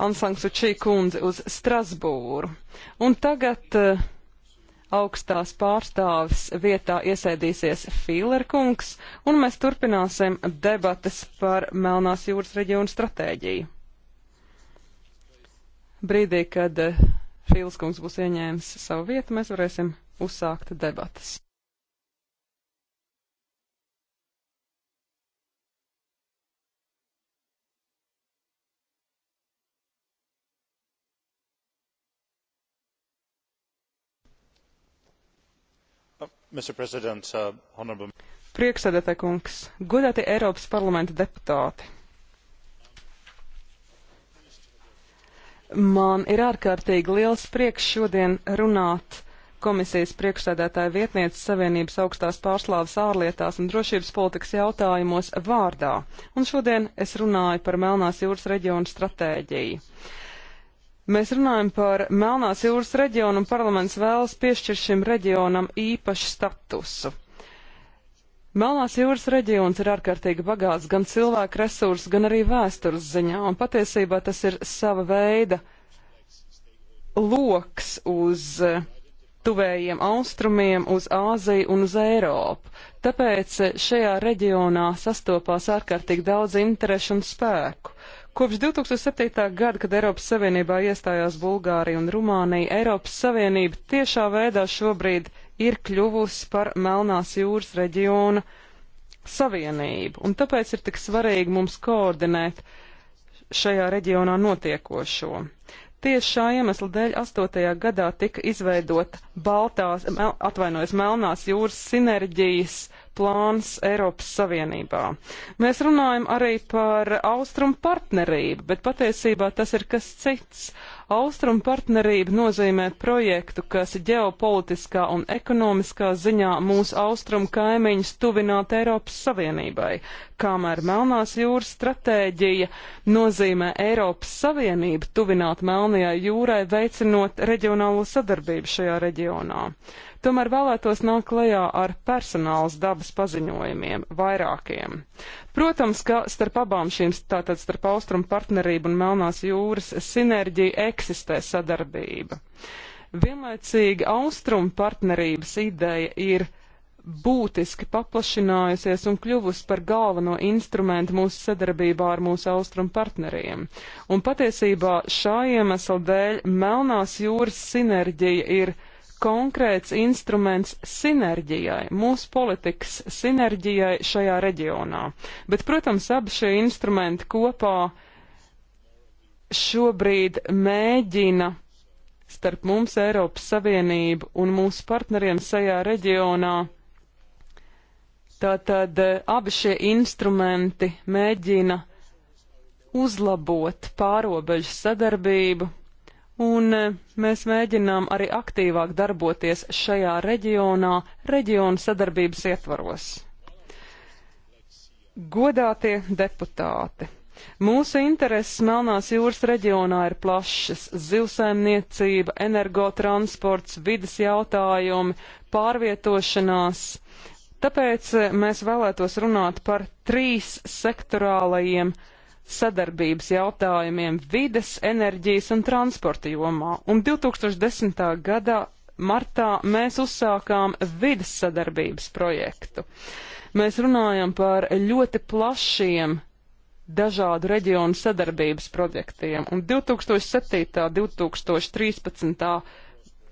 Ansangsučī kundzi uz Strasbūru. Un tagad uh, augstās pārstāvis vietā iesēdīsies Fīlerkungs, un mēs turpināsim debatas par Melnās jūras reģionu stratēģiju. Brīdī, kad eh, Fīlskungs būs ieņēmis savu vietu, mēs varēsim uzsākt debatas. Uh, honorable... Priekšsēdētāj kungs, godātie Eiropas parlamenta deputāti! Man ir ārkārtīgi liels prieks šodien runāt komisijas priekšsēdētāja vietnieces Savienības augstās pārslāvas ārlietās un drošības politikas jautājumos vārdā, un šodien es runāju par Melnās jūras reģionu stratēģiju. Mēs runājam par Melnās jūras reģionu un parlaments vēlas piešķirt šim reģionam īpašu statusu. Melnās jūras reģions ir ārkārtīgi bagāts gan cilvēku resursu, gan arī vēstures ziņā, un patiesībā tas ir sava veida loks uz tuvējiem austrumiem, uz Āziju un uz Eiropu. Tāpēc šajā reģionā sastopās ārkārtīgi daudz interešu un spēku. Kopš 2007. gada, kad Eiropas Savienībā iestājās Bulgārija un Rumānija, Eiropas Savienība tiešā veidā šobrīd ir kļuvusi par Melnās jūras reģiona savienību, un tāpēc ir tik svarīgi mums koordinēt šajā reģionā notiekošo. Tieši šā iemesla dēļ 8. gadā tika izveidota Baltās, mel, atvainojas Melnās jūras sinerģijas uh, plāns Eiropas Savienībā. Mēs runājam arī par austrumu partnerību, bet patiesībā tas ir kas cits. Austrumu partnerība nozīmē projektu, kas ģeopolitiskā un ekonomiskā ziņā mūsu austrumu kaimiņus tuvināt Eiropas Savienībai kamēr Melnās jūras stratēģija nozīmē Eiropas Savienību tuvināt Melnajai jūrai, veicinot reģionālo sadarbību šajā reģionā. Tomēr vēlētos nākt klajā ar personāls dabas paziņojumiem, vairākiem. Protams, ka starp abām šīm, tātad starp Austrumu partnerību un Melnās jūras sinerģija eksistē sadarbība. Vienlaicīgi Austrumu partnerības ideja ir būtiski paplašinājusies un kļuvusi par galveno instrumentu mūsu sadarbībā ar mūsu austrumu partneriem. Un patiesībā šā iemesla dēļ Melnās jūras sinerģija ir konkrēts instruments sinerģijai, mūsu politikas sinerģijai šajā reģionā. Bet, protams, abi šie instrumenti kopā šobrīd mēģina starp mums Eiropas Savienību un mūsu partneriem šajā reģionā Tātad eh, abi šie instrumenti mēģina uzlabot pārobežu sadarbību, un eh, mēs mēģinām arī aktīvāk darboties šajā reģionā, reģiona sadarbības ietvaros. Godātie deputāti! Mūsu intereses Melnās jūras reģionā ir plašas - zivsaimniecība, energotransports, vidas jautājumi, pārvietošanās. Tāpēc eh, mēs vēlētos runāt par trīs sektorālajiem sadarbības jautājumiem vides, enerģijas un transporta jomā. Un 2010. gadā martā mēs uzsākām vides sadarbības projektu. Mēs runājam par ļoti plašiem dažādu reģionu sadarbības projektiem. Un 2007. un 2013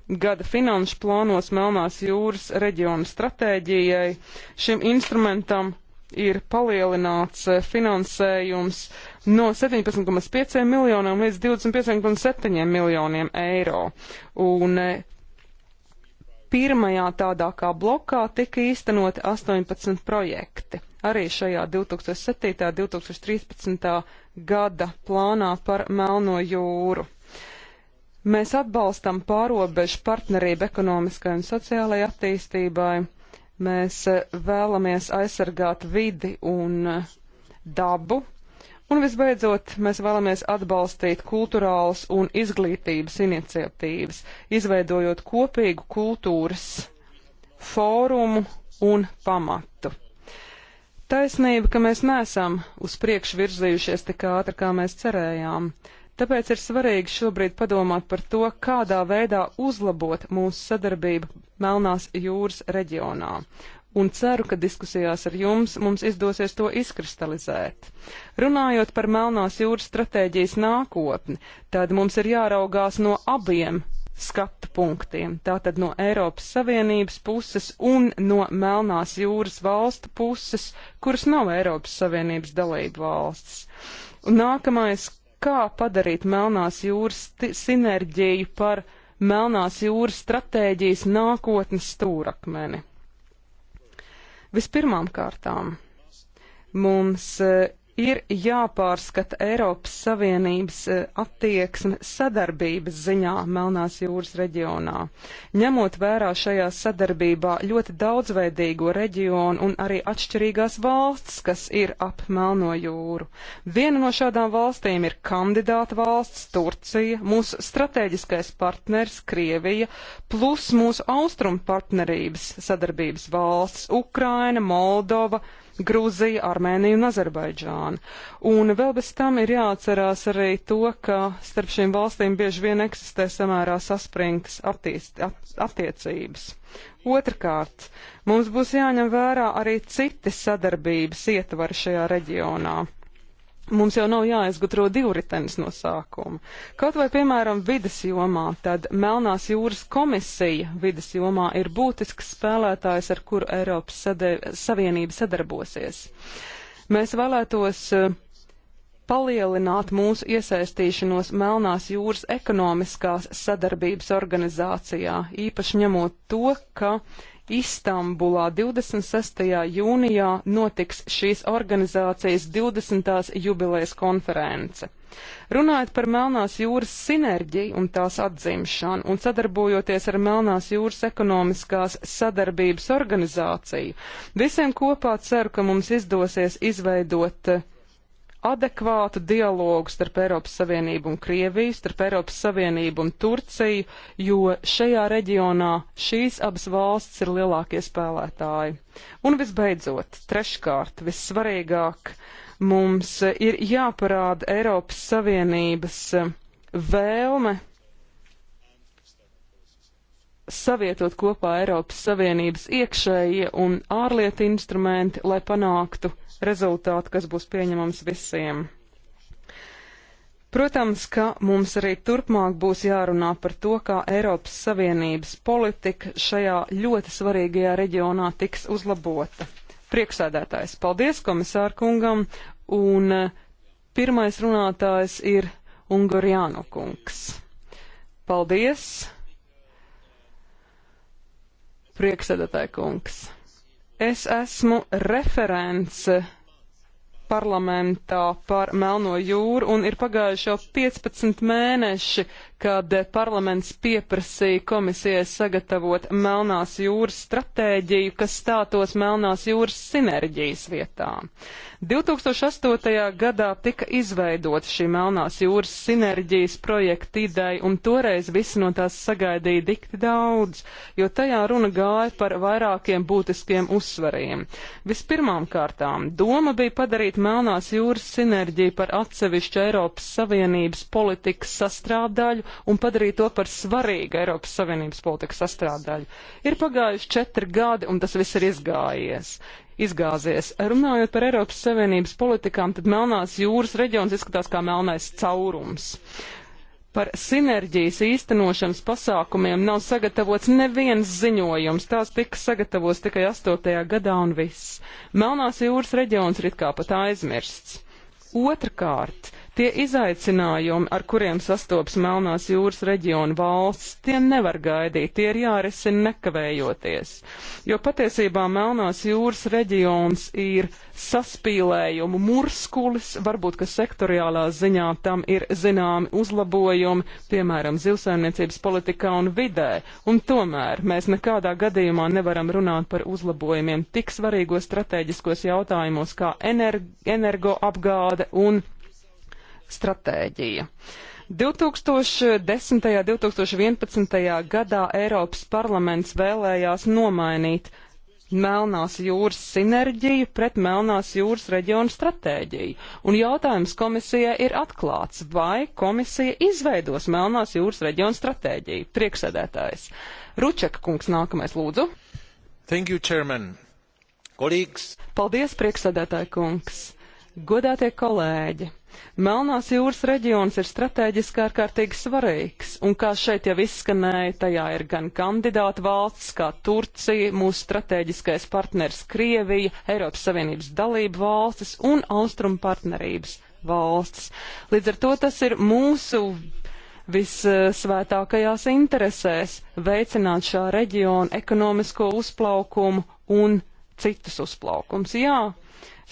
gada finanšu plānos Melnās jūras reģiona stratēģijai. Šim instrumentam ir palielināts eh, finansējums no 17,5 miljoniem līdz 25,7 miljoniem eiro. Un eh, pirmajā tādā kā blokā tika īstenoti 18 projekti. Arī šajā 2007. un 2013. gada plānā par Melno jūru. Mēs atbalstam pārobežu partnerību ekonomiskai un sociālai attīstībai. Mēs e, vēlamies aizsargāt vidi un e, dabu. Un visbeidzot, mēs vēlamies atbalstīt kultūrāls un izglītības iniciatīvas, izveidojot kopīgu kultūras fórumu un pamatu. Taisnība, ka mēs neesam uz priekšu virzījušies tik ātri, kā mēs cerējām. Uh, Tāpēc ir svarīgi šobrīd padomāt par to, kādā veidā uzlabot mūsu sadarbību Melnās jūras reģionā. Un ceru, ka diskusijās ar jums mums izdosies to izkristalizēt. Runājot par Melnās jūras stratēģijas nākotni, tad mums ir jāraugās no abiem skatu punktiem. Tātad no Eiropas Savienības puses un no Melnās jūras valstu puses, kuras nav Eiropas Savienības dalību valsts. Un nākamais, kā padarīt Melnās jūras sinerģiju par Melnās jūras stratēģijas nākotnes stūrakmeni. Vispirmām kārtām mums eh, ir jāpārskata Eiropas Savienības eh, attieksme sadarbības ziņā Melnās jūras reģionā, ņemot vērā šajā sadarbībā ļoti daudzveidīgo reģionu un arī atšķirīgās valsts, kas ir ap Melno jūru. Viena no šādām valstīm ir kandidāta valsts Turcija, mūsu strateģiskais partners Krievija, plus mūsu austrumu partnerības sadarbības valsts Ukraina, Moldova, Grūziju, Armēniju un Azerbaidžānu. Un vēl bez tam ir jāatcerās arī to, ka starp šīm valstīm bieži vien eksistē samērā saspringtas attiecības. Otrakārt, mums būs jāņem vērā arī citi sadarbības ietvari šajā reģionā. Mums jau nav jāizgudro divritenis no sākuma. Kaut vai, piemēram, vidas jomā, tad Melnās jūras komisija vidas jomā ir būtisks spēlētājs, ar kuru Eiropas sadē, Savienība sadarbosies. Mēs vēlētos eh, palielināt mūsu iesaistīšanos Melnās jūras ekonomiskās sadarbības organizācijā, īpaši ņemot to, ka Istambulā 26. jūnijā notiks šīs organizācijas 20. jubilejas konference. Runājot par Melnās jūras sinerģiju un tās atzimšanu un sadarbojoties ar Melnās jūras ekonomiskās sadarbības organizāciju, visiem kopā ceru, ka mums izdosies izveidot uh, adekvātu dialogu starp Eiropas Savienību un Krieviju, starp Eiropas Savienību un Turciju, jo šajā reģionā šīs abas valsts ir lielākie spēlētāji. Un visbeidzot, treškārt, vissvarīgāk, mums ir jāparāda Eiropas Savienības eh, vēlme savietot kopā Eiropas Savienības iekšējie un ārlietu instrumenti, lai panāktu rezultātu, kas būs pieņemams visiem. Protams, ka mums arī turpmāk būs jārunā par to, kā Eiropas Savienības politika šajā ļoti svarīgajā reģionā tiks uzlabota. Prieksēdētājs, paldies komisārkungam, un eh, pirmais runātājs ir Ungurjānu kungs. Paldies! Prieksēdētāji kungs. Es esmu referents parlamentā par Melno jūru un ir pagājuši jau 15 mēneši kad parlaments pieprasīja komisijai sagatavot Melnās jūras stratēģiju, kas stātos Melnās jūras sinerģijas vietā. 2008. gadā tika izveidota šī Melnās jūras sinerģijas projekta ideja, un toreiz visi no tās sagaidīja dikti daudz, jo tajā runa gāja par vairākiem būtiskiem uzsvariem. Vispirmām kārtām doma bija padarīt Melnās jūras sinerģiju par atsevišķu Eiropas Savienības politikas sastrādaļu, un padarīt to par svarīgu Eiropas Savienības politikas sastrādaļu. Ir pagājuši četri gadi, un tas viss ir izgājies. Izgāzies. Runājot par Eiropas Savienības politikām, tad Melnās jūras reģions izskatās kā melnais caurums par sinerģijas īstenošanas pasākumiem nav sagatavots neviens ziņojums. Tās tika sagatavots tikai 8. gadā un viss. Melnās jūras reģions ir it kā pat aizmirsts. Otrakārt, Tie izaicinājumi, ar kuriem sastopas Melnās jūras reģiona valsts, tie nevar gaidīt, tie ir jārisina nekavējoties. Jo patiesībā Melnās jūras reģions ir saspīlējumu murskulis, varbūt, ka sektoriālā ziņā tam ir zināmi uzlabojumi, piemēram, zivsaimniecības politikā un vidē, un tomēr mēs nekādā gadījumā nevaram runāt par uzlabojumiem tik svarīgos strateģiskos jautājumos kā energoapgāde un energo stratēģija. 2010. un 2011. gadā Eiropas parlaments vēlējās nomainīt Melnās jūras sinerģiju pret Melnās jūras reģionu stratēģiju. Un jautājums komisijai ir atklāts, vai komisija izveidos Melnās jūras reģionu stratēģiju. Prieksēdētājs. Ručeka kungs nākamais lūdzu. Thank you, chairman. Kolīgs. Paldies, prieksēdētāja kungs. Godātie kolēģi, Melnās jūras reģions ir strateģiski ārkārtīgi svarīgs, un kā šeit jau izskanēja, tajā ir gan kandidāta valsts kā Turcija, mūsu strateģiskais partners Krievija, Eiropas Savienības dalību valstis un austrumu partnerības valstis. Līdz ar to tas ir mūsu visvētākajās interesēs veicināt šā reģiona ekonomisko uzplaukumu un citus uzplaukums. Jā,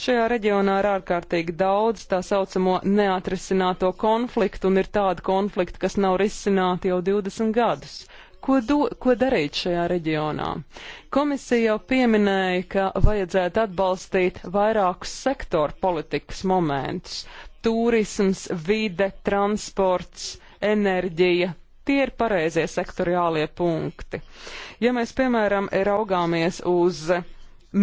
Šajā reģionā ir ārkārtīgi daudz tā saucamo neatrisināto konfliktu, un ir tādi konflikti, kas nav risināti jau 20 gadus ko, do, ko darīt šajā reģionā. Komisija jau pieminēja, ka vajadzētu atbalstīt vairākus sektoru politikas momentus - turisms, vide, transports, enerģija. Tie ir pareizie sektoriālie punkti. Ja mēs, piemēram, raugāmies uz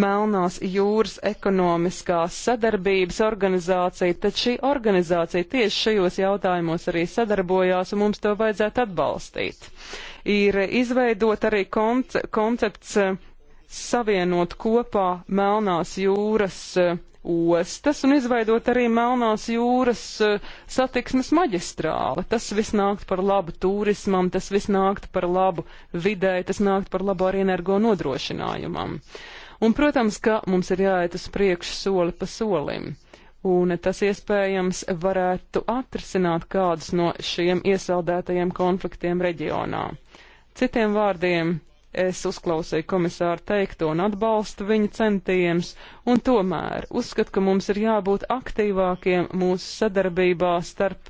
Melnās jūras ekonomiskās sadarbības organizācija, tad šī organizācija tieši šajos jautājumos arī sadarbojās, un mums to vajadzētu atbalstīt. Ir izveidot arī konce koncepts eh, savienot kopā Melnās jūras eh, ostas un izveidot arī Melnās jūras eh, satiksmes maģistrāli. Tas viss nākt par labu turismam, tas viss nākt par labu vidē, tas nākt par labu arī energo nodrošinājumam. Uh, Un, protams, ka mums ir jāiet uz priekšu soli pa solim. Un tas iespējams varētu atrisināt kādus no šiem iesaldētajiem konfliktiem reģionā. Citiem vārdiem, es uzklausīju komisāru teikto un atbalstu viņa centienus, un tomēr uzskatu, ka mums ir jābūt aktīvākiem mūsu sadarbībā starp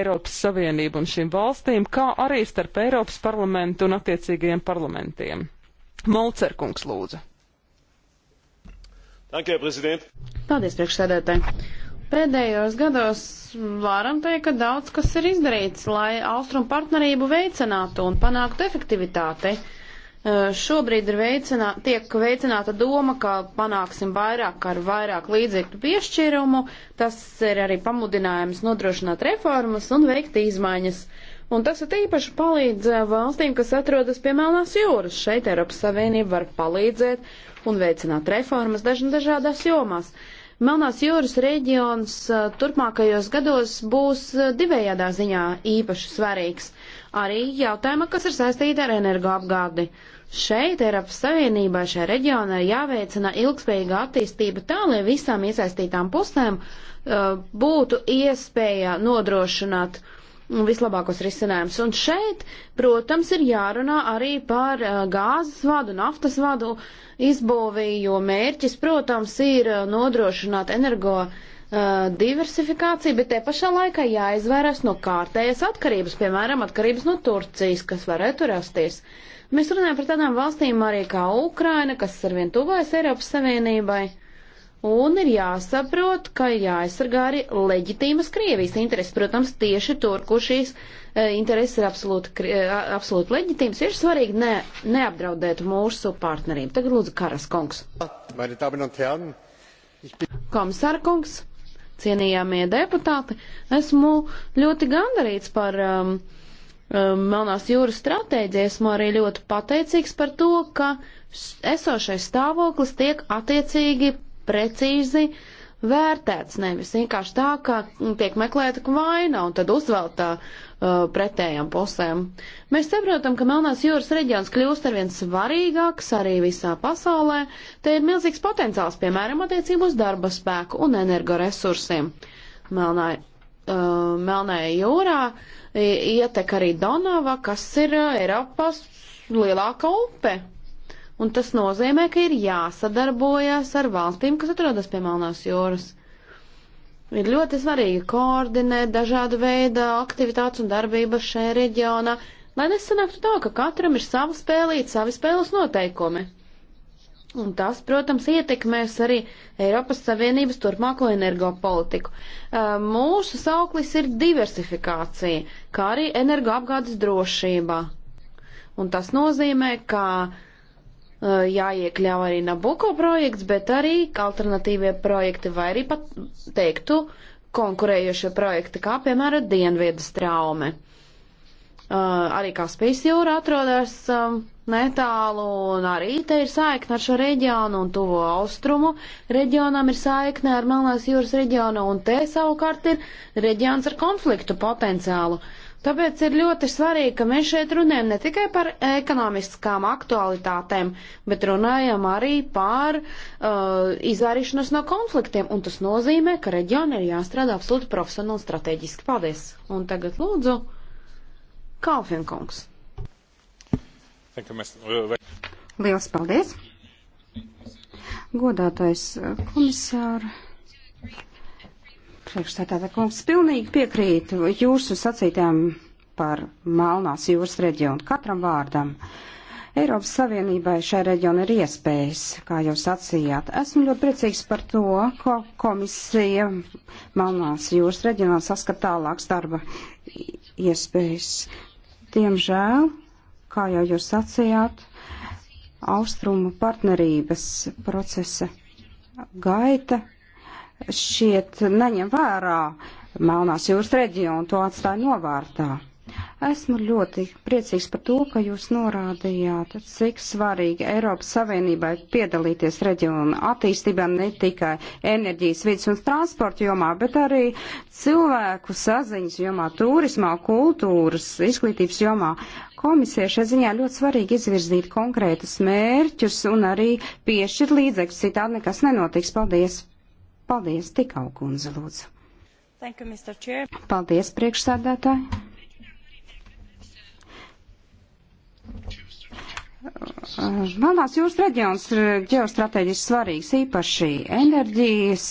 Eiropas Savienību un šīm valstīm, kā arī starp Eiropas parlamentu un attiecīgajiem parlamentiem. Molcerkungs lūdzu. Danke, prezident. Paldies, priekšsēdētāji. Pēdējos gados varam teikt, ka daudz kas ir izdarīts, lai austrumu partnerību veicinātu un panāktu efektivitāti. Šobrīd ir veicinā, tiek veicināta doma, ka panāksim vairāk ar vairāk līdzekļu piešķirumu. Tas ir arī pamudinājums nodrošināt reformas un veikt izmaiņas. Un tas ir īpaši palīdz valstīm, kas atrodas pie Melnās jūras. Šeit Eiropas Savienība var palīdzēt un veicināt reformas daž dažādās jomās. Melnās jūras reģions turpmākajos gados būs divējādā ziņā īpaši svarīgs. Arī jautājuma, kas ir saistīta ar energoapgādi. Šeit Eiropas Savienībā šajā reģionā jāveicina ilgspējīga attīstība tā, lai visām iesaistītām pusēm uh, būtu iespēja nodrošināt uh, vislabākos risinājumus. Un šeit, protams, ir jārunā arī par uh, gāzes vadu, naftas vadu izbūvī, jo mērķis, protams, ir uh, nodrošināt energo uh, diversifikāciju, bet te pašā laikā jāizvairās no kārtējas atkarības, piemēram, atkarības no Turcijas, kas varētu rasties. Mēs runājam par tādām valstīm arī kā Ukraina, kas arvien tuvojas Eiropas Savienībai. Un ir jāsaprot, ka ir jāaizsargā arī leģitīmas Krievijas intereses. Protams, tieši tur, kur šīs eh, intereses ir absolūti, eh, absolūti leģitīmas, ir svarīgi ne, neapdraudēt mūsu partnerību. Tagad lūdzu Karas kungs. Komisāra kungs, cienījāmie deputāti, esmu ļoti gandarīts par um, um, Melnās jūras stratēģiju. Esmu arī ļoti pateicīgs par to, ka esošais stāvoklis tiek attiecīgi precīzi vērtēts, nevis vienkārši tā, ka tiek meklēta vaina un tad uzvelta uh, pretējām pusēm. Mēs saprotam, ka Melnās jūras reģions kļūst arvien svarīgāks arī visā pasaulē. Te ir milzīgs potenciāls, piemēram, attiecību uz darba spēku un energoresursiem. Melnā, uh, Melnāja jūrā ietek arī Donava, kas ir uh, Eiropas lielākā upe. Un tas nozīmē, ka ir jāsadarbojas ar valstīm, kas atrodas pie Melnās jūras. Ir ļoti svarīgi koordinēt dažādu veidu aktivitātes un darbības šajā reģionā, lai nesanāktu tā, ka katram ir sava spēlīte, savi spēles noteikumi. Un tas, protams, ietekmēs arī Eiropas Savienības turpmāko energopolitiku. Mūsu sauklis ir diversifikācija, kā arī energoapgādes drošība. Un tas nozīmē, ka Eh, jāiekļauj arī Nabuko projekts, bet arī alternatīvie projekti vai arī pat teiktu konkurējošie projekti, kā piemēram Dienviedas traume. Uh, arī Kaspijas jūra atrodas uh, netālu, un arī te ir saikne ar šo reģionu, un tuvo austrumu reģionam ir saikne ar Melnās jūras reģionu, un te savukārt ir reģions ar konfliktu potenciālu. Uh, Tāpēc ir ļoti svarīgi, ka mēs šeit runājam ne tikai par ekonomiskām aktualitātēm, bet runājam arī par uh, izvairīšanos no konfliktiem. Un tas nozīmē, ka reģioni ir jāstrādā absolūti profesionāli strateģiski. Paldies! Un tagad lūdzu Kalfinkungs. Liels paldies! Godātais uh, komisāra. Priekšstādāta kungs pilnīgi piekrīt jūsu sacītēm par Melnās jūras reģionu katram vārdam. Eiropas Savienībai šai reģionai ir iespējas, kā jau sacījāt. Esmu ļoti priecīgs par to, ko komisija Melnās jūras reģionā saskat tālāks darba iespējas. Diemžēl, kā jau jūs sacījāt, austrumu partnerības procesa gaita šiet neņem vērā Melnās jūras reģionu, to atstāja novārtā. Esmu ļoti priecīgs par to, ka jūs norādījāt, cik svarīgi Eiropas Savienībai piedalīties reģionu attīstībā ne tikai enerģijas, vidas un transporta jomā, bet arī cilvēku saziņas jomā, turismā, kultūras, izglītības jomā. Komisija šai ziņā ļoti svarīgi izvirzīt konkrētus mērķus un arī piešķirt līdzekļus, citādi nekas nenotiks. Paldies! Paldies, tikau kundze, lūdzu. Thank you, Mr. Chair. Paldies, priekšsādātāji. Manās jūras reģions ir ģeostrateģiski svarīgs, īpaši enerģijas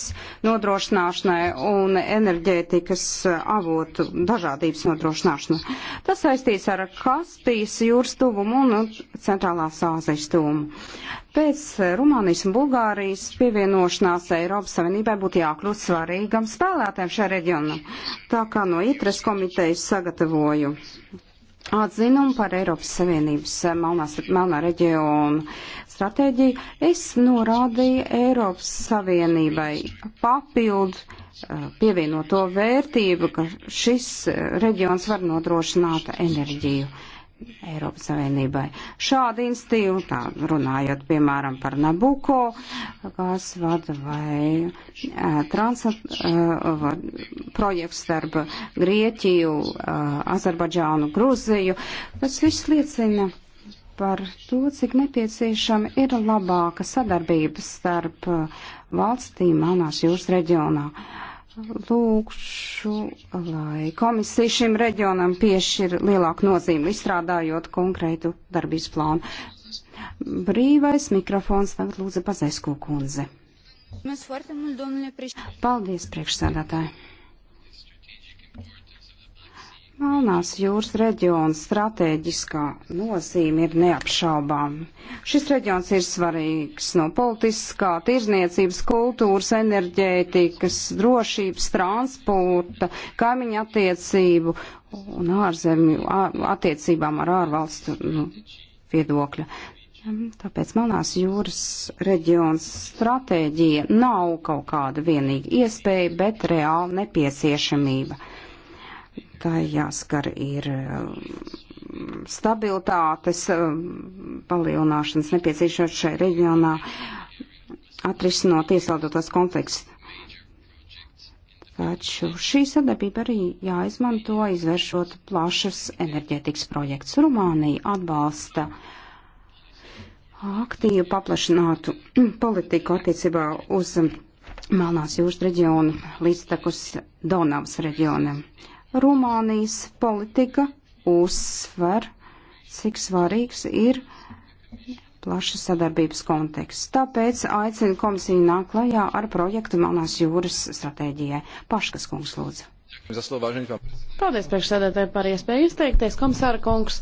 nodrošināšanai un enerģētikas avotu dažādības nodrošināšanai. Tas saistīts ar Kaspijas jūras tuvumu un Centrālās Āzijas tuvumu. Pēc eh, Rumānijas un Bulgārijas pievienošanās Eiropas Savienībai būtu jākļūt svarīgam spēlētājiem šajā reģionā. Tā kā no ITRES komitejas sagatavoju atzinumu par Eiropas Savienības eh, melnās, melnā reģionu stratēģiju, es norādīju Eiropas Savienībai papildu eh, pievienoto vērtību, ka šis reģions var nodrošināt enerģiju. Eiropas Savienībai. Šāda institīva, tā runājot piemēram par Nabuko gāzvadu vai uh, transat, uh, projekts starp Grieķiju, uh, Azerbaidžānu, Gruziju, tas viss liecina par to, cik nepieciešama ir labāka sadarbība starp valstīm manās jūras reģionā. Uh, lūkšu, lai komisija šim reģionam piešķir lielāku nozīmi, izstrādājot konkrētu darbības plānu. Brīvais mikrofons tagad lūdzu Pazesku kundze. Paldies, priekšsēdētāji! Melnās jūras reģiona stratēģiskā nozīme ir neapšaubām. Šis reģions ir svarīgs no politiskā, tirzniecības, kultūras, enerģētikas, drošības, transporta, kaimiņu attiecību un ārzemju attiecībām ar ārvalstu nu, viedokļa. Tāpēc Melnās jūras reģions stratēģija nav kaut kāda vienīga iespēja, bet reāla nepieciešamība tai jāskar ir um, stabilitātes um, palielināšanas nepieciešot šai reģionā, atrisinot iesaldotos konflikts. Taču šī sadarbība arī jāizmanto, izvēršot plašas enerģētikas projekts. Rumānija atbalsta aktīvu paplašinātu politiku attiecībā uz Melnās jūras reģionu līdz takus Donavas reģionam. Rumānijas politika uzsver, cik svarīgs ir plaša sadarbības konteksts. Tāpēc aicinu komisiju nāk klajā ar projektu Melnās jūras stratēģijai. Paškas kungs lūdzu. Paldies priekšsēdētāji par iespēju izteikties, komisāra kungs.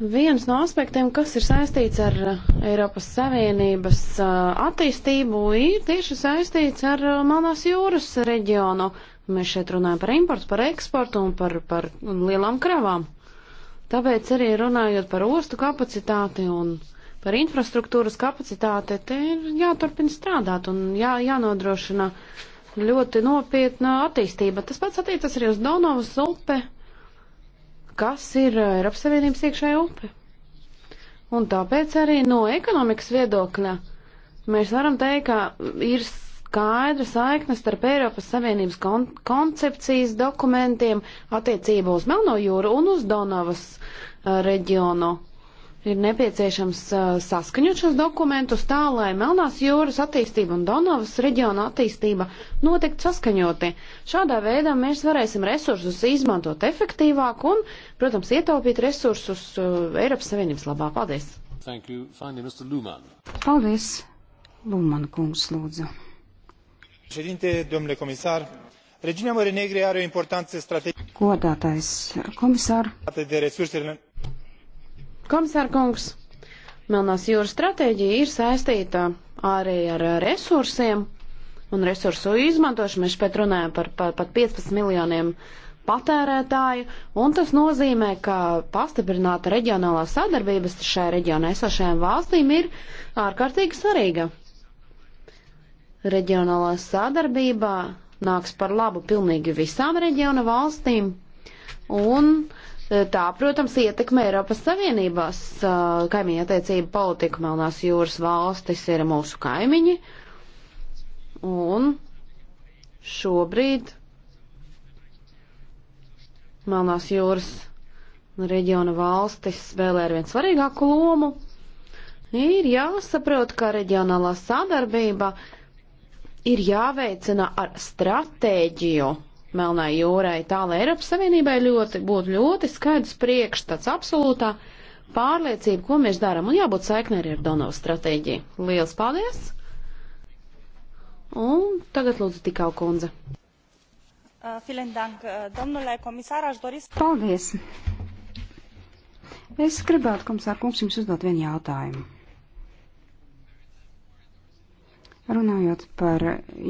Viens no aspektiem, kas ir saistīts ar uh, Eiropas Savienības uh, attīstību, ir tieši saistīts ar uh, Melnās jūras reģionu Mēs šeit runājam par importu, par eksportu un par, par un lielām kravām. Tāpēc arī runājot par ostu kapacitāti un par infrastruktūras kapacitāti, te ir jāturpina strādāt un jā, jānodrošina ļoti nopietna attīstība. Tas pats attiecas arī uz Donovas upe, kas ir Eiropas Savienības iekšējā upe. Un tāpēc arī no ekonomikas viedokļa mēs varam teikt, ka ir skaidra saikne starp Eiropas Savienības kon koncepcijas dokumentiem attiecībā uz Melno jūru un uz Donavas uh, reģionu. Ir nepieciešams uh, saskaņot šos dokumentus tā, lai Melnās jūras attīstība un Donavas reģiona attīstība notiktu saskaņoti. Šādā veidā mēs varēsim resursus izmantot efektīvāk un, protams, ietaupīt resursus uh, Eiropas Savienības labā. Paldies! Finally, Paldies! Lūmana kungs lūdzu regiunea mării negre are o importană strategică. Godātais komisār. De resursele. Komisār kungs, Melnās jūras stratēģija ir saistīta arī ar resursiem un resursu izmantošanu. Mēs šeit runājam par pat par 15 miljoniem patērētāju, un tas nozīmē, ka pastiprināta reģionālā sadarbības šajā reģionā esošajām valstīm ir ārkārtīgi svarīga. Reģionālā sadarbībā nāks par labu pilnīgi visām reģiona valstīm, un e, tā, protams, ietekmē Eiropas Savienībās e, kaimiņa attiecību politiku. Melnās jūras valstis ir mūsu kaimiņi, un šobrīd Melnās jūras reģiona valstis spēlē ar vien svarīgāku lomu. Ir jāsaprot, ka reģionālā sadarbība uh, ir jāveicina ar stratēģiju Melnai jūrai, tā lai Eiropas Savienībai ļoti, būtu ļoti skaidrs priekšstats absolūtā pārliecība, ko mēs darām, un jābūt saiknē arī ar Donovu stratēģiju. Lielas paldies! Un tagad lūdzu tikau kundze. Uh, uh, paldies! Es gribētu, komisār kungs, jums uzdot vienu jautājumu. Runājot par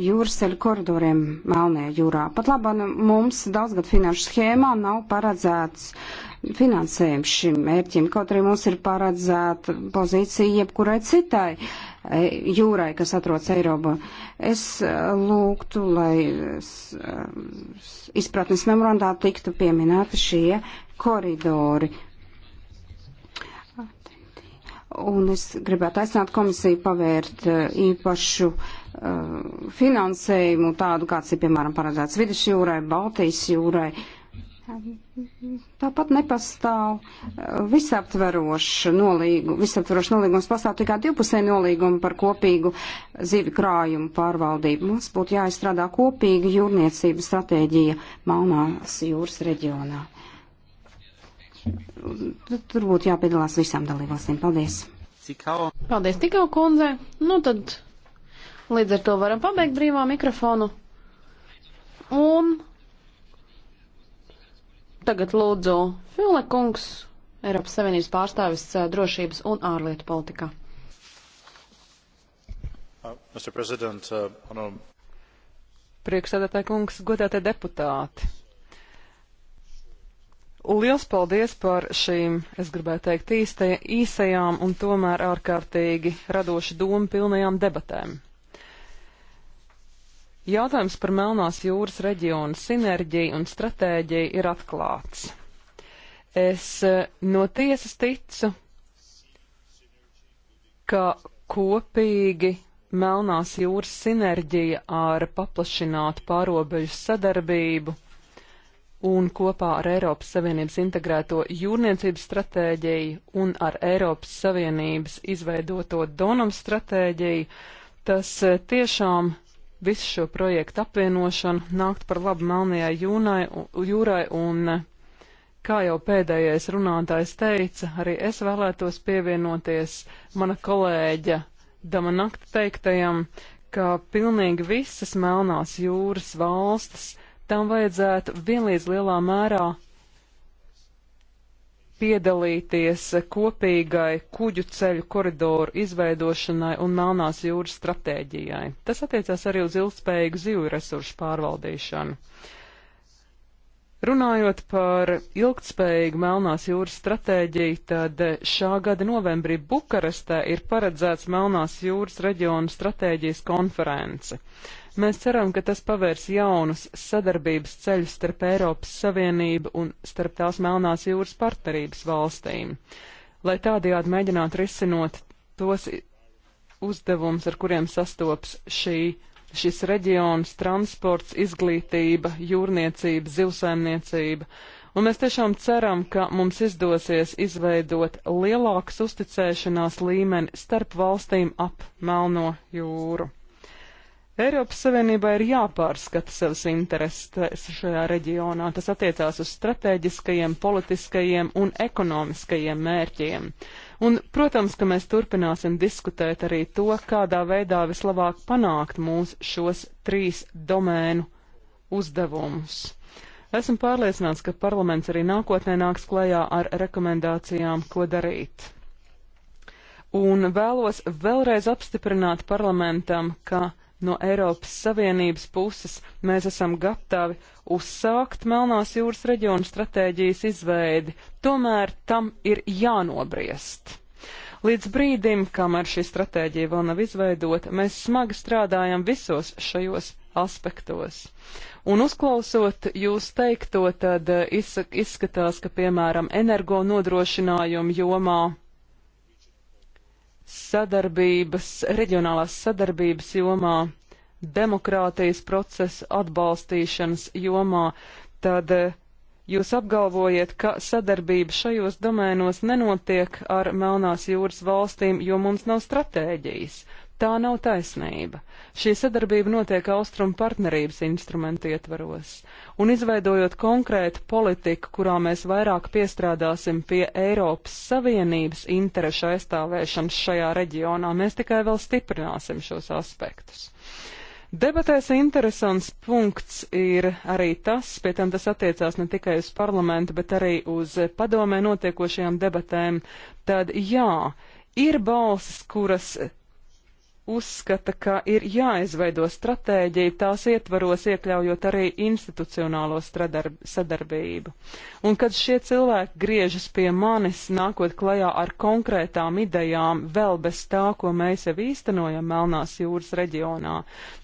jūraseļu koridoriem Melnajā jūrā, pat labi mums daudzgad finanšu schēmā nav paredzēts finansējums šim mērķim, kaut arī mums ir paredzēta pozīcija jebkurai citai e, jūrai, kas atrodas Eiropā. Es e, lūgtu, lai e, izpratnes memorandā tiktu pieminēti šie koridori, Un es gribētu aicināt komisiju pavērt eh, īpašu uh, finansējumu, tādu kāds ir, piemēram, paredzēts Vidusjūrai, Baltijas jūrai. Tāpat nepastāv visaptverošs eh, nolīgums, visaptverošs nolīgums pastāv tikai divpusē nolīguma par kopīgu zivi krājumu pārvaldību. Mums būtu jāizstrādā kopīga jūrniecības stratēģija Malnās jūras reģionā tur būtu jāpiedalās visām dalībvalstīm. Paldies! Paldies tikau kundze! Nu tad līdz ar to varam pabeigt brīvā mikrofonu. Un tagad lūdzu File kungs, Eiropas Savienības pārstāvis eh, drošības un ārlietu politikā. Uh, Mr. President, uh, Priekšsēdētāji kungs, godātie deputāti! Liels paldies par šīm, es gribētu teikt, īstajā, īsajām un tomēr ārkārtīgi radoši domu pilnajām debatēm. Jautājums par Melnās jūras reģionu sinerģiju un stratēģiju ir atklāts. Es eh, no tiesas ticu, ka kopīgi Melnās jūras sinerģija ar paplašinātu pārobežu sadarbību – un kopā ar Eiropas Savienības integrēto jūrniecības stratēģiju un ar Eiropas Savienības izveidoto Donam stratēģiju, tas e, tiešām visu šo projektu apvienošanu nākt par labu Melnajai jūrai un, e, kā jau pēdējais runātājs teica, arī es vēlētos pievienoties mana kolēģa Dama Nakta teiktajam, ka pilnīgi visas Melnās jūras valstis tam vajadzētu vienlīdz lielā mērā piedalīties kopīgai kuģu ceļu koridoru izveidošanai un Melnās jūras stratēģijai. Tas attiecās arī uz ilgspējīgu zivju resursu pārvaldīšanu. Runājot par ilgtspējīgu Melnās jūras stratēģiju, tad šā gada novembrī Bukarestē ir paredzēts Melnās jūras reģiona stratēģijas konference. Mēs ceram, ka tas pavērs jaunus sadarbības ceļus starp Eiropas Savienību un starp tās Melnās jūras partnerības valstīm, lai tādējādi mēģinātu risinot tos uzdevums, ar kuriem sastops šī, šis reģions - transports, izglītība, jūrniecība, zivsaimniecība. Un mēs tiešām ceram, ka mums izdosies izveidot lielākas uzticēšanās līmeni starp valstīm ap Melno jūru. Eiropas Savienībā ir jāpārskata savas intereses šajā reģionā. Tas attiecās uz strateģiskajiem, politiskajiem un ekonomiskajiem mērķiem. Un, protams, ka mēs turpināsim diskutēt arī to, kādā veidā vislabāk panākt mūsu šos trīs domēnu uzdevumus. Esmu pārliecināts, ka parlaments arī nākotnē nāks klajā ar rekomendācijām, ko darīt. Un vēlos vēlreiz apstiprināt parlamentam, ka no Eiropas Savienības puses mēs esam gatavi uzsākt Melnās jūras reģionu stratēģijas izveidi, tomēr tam ir jānobriest. Līdz brīdim, kamēr šī stratēģija vēl nav izveidota, mēs smagi strādājam visos šajos aspektos. Un uzklausot jūs teikto, tad izskatās, ka piemēram energo nodrošinājumu jomā sadarbības, reģionālās sadarbības jomā, demokrātijas procesa atbalstīšanas jomā, tad eh, jūs apgalvojat, ka sadarbība šajos domēnos nenotiek ar Melnās jūras valstīm, jo mums nav stratēģijas. Tā nav taisnība. Šī sadarbība notiek austrumu partnerības instrumentu ietvaros, un izveidojot konkrētu politiku, kurā mēs vairāk piestrādāsim pie Eiropas Savienības interešu aizstāvēšanas šajā reģionā, mēs tikai vēl stiprināsim šos aspektus. Debatēs interesants punkts ir arī tas, pie tam tas attiecās ne tikai uz parlamentu, bet arī uz padomē notiekošajām debatēm, tad jā, ir balsis, kuras uzskata, ka ir jāizveido stratēģija tās ietvaros, iekļaujot arī institucionālo sadarbību. Un kad šie cilvēki griežas pie manis, nākot klajā ar konkrētām idejām, vēl bez tā, ko mēs jau īstenojam Melnās jūras reģionā,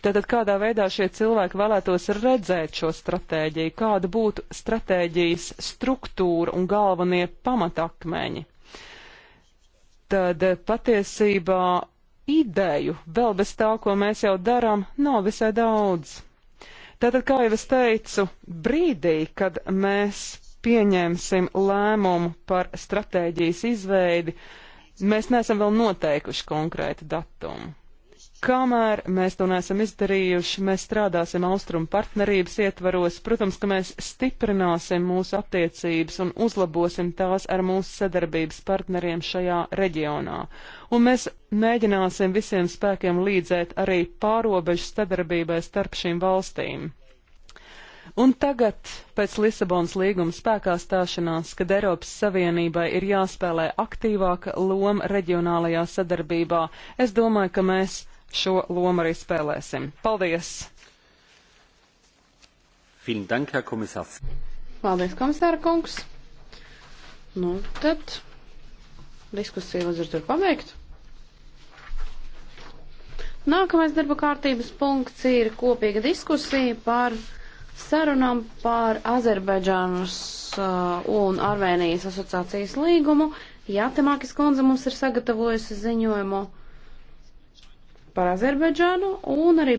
tātad kādā veidā šie cilvēki vēlētos redzēt šo stratēģiju, kāda būtu stratēģijas struktūra un galvenie pamatakmeņi. Tad patiesībā ideju, vēl bez tā, ko mēs jau darām, nav visai daudz. Tātad, kā jau es teicu, brīdī, kad mēs pieņemsim lēmumu par stratēģijas izveidi, mēs neesam vēl noteikuši konkrētu datumu. Kamēr mēs to neesam izdarījuši, mēs strādāsim austrumu partnerības ietvaros. Protams, ka mēs stiprināsim mūsu attiecības un uzlabosim tās ar mūsu sadarbības partneriem šajā reģionā. Un mēs mēģināsim visiem spēkiem līdzēt arī pārobežu sadarbībai starp šīm valstīm. Un tagad, pēc Lisabonas līguma spēkā stāšanās, kad Eiropas Savienībai ir jāspēlē aktīvāka loma reģionālajā sadarbībā, es domāju, ka mēs šo lomu arī spēlēsim. Paldies! Dank, Paldies, komisāra kungs! Nu, tad diskusija līdz ar to ir pabeigta. Nākamais darba kārtības punkts ir kopīga diskusija par sarunām par Azerbaidžānas uh, un Armēnijas asociācijas līgumu. Jā, Temākis Konza mums ir sagatavojusi ziņojumu par Azerbaidžānu un arī